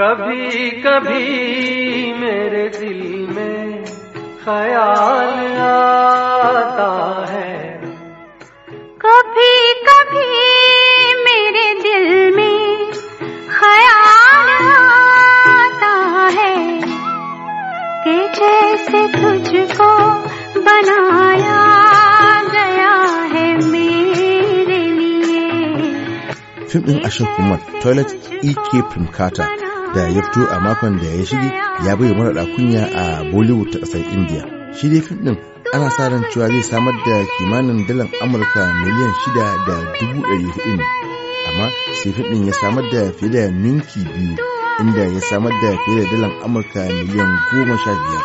कभी कभी मेरे दिल में ख्याल आता है कभी कभी मेरे दिल में ख्याल आता है कि जैसे तुझको बनाया गया है मेरे फिल्म इन अशोक कुमार टॉयलेट ई के फिल्म काटा da ya fito a makon da ya shige ya bai mara kunya a bollywood ta ƙasar india shi dai fim ɗin ana sa ran cewa zai samar da kimanin dalar amurka miliyan shida da dubu ɗari hudu ne amma sai fim din ya samar da fiye da ninki biyu inda ya samar da fiye da dalar amurka miliyan goma sha biyar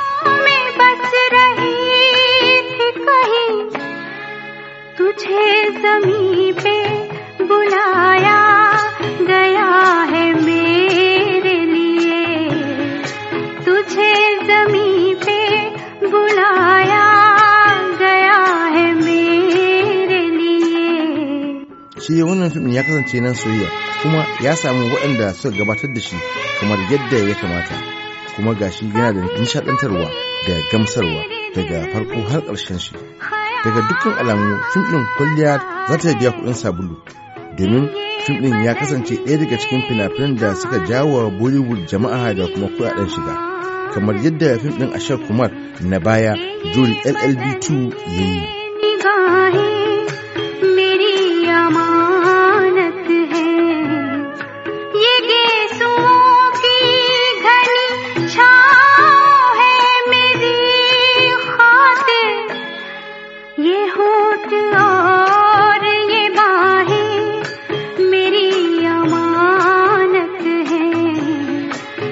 तुझे ce wannan fim ya kasance nan soyayya kuma ya samu waɗanda suka gabatar da shi kamar yadda ya kamata kuma gashi yana da nishaɗantarwa da gamsarwa daga farko har ƙarshen shi daga dukkan alamu fim ɗin kwalliya za ta biya kuɗin sabulu domin fim ɗin ya kasance ɗaya daga cikin fina-finan da suka jawo wa bollywood jama'a da kuma kuɗaɗen shiga kamar yadda fim ɗin ashar kumar na baya jori llb2 ya yi